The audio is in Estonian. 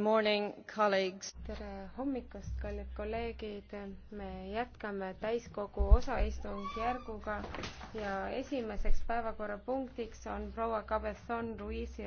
Morning, tere hommikust kallid kolleegid me jätkame täiskogu osaistungjärguga ja esimeseks päevakorrapunktiks on proua cabezon ruizi raport.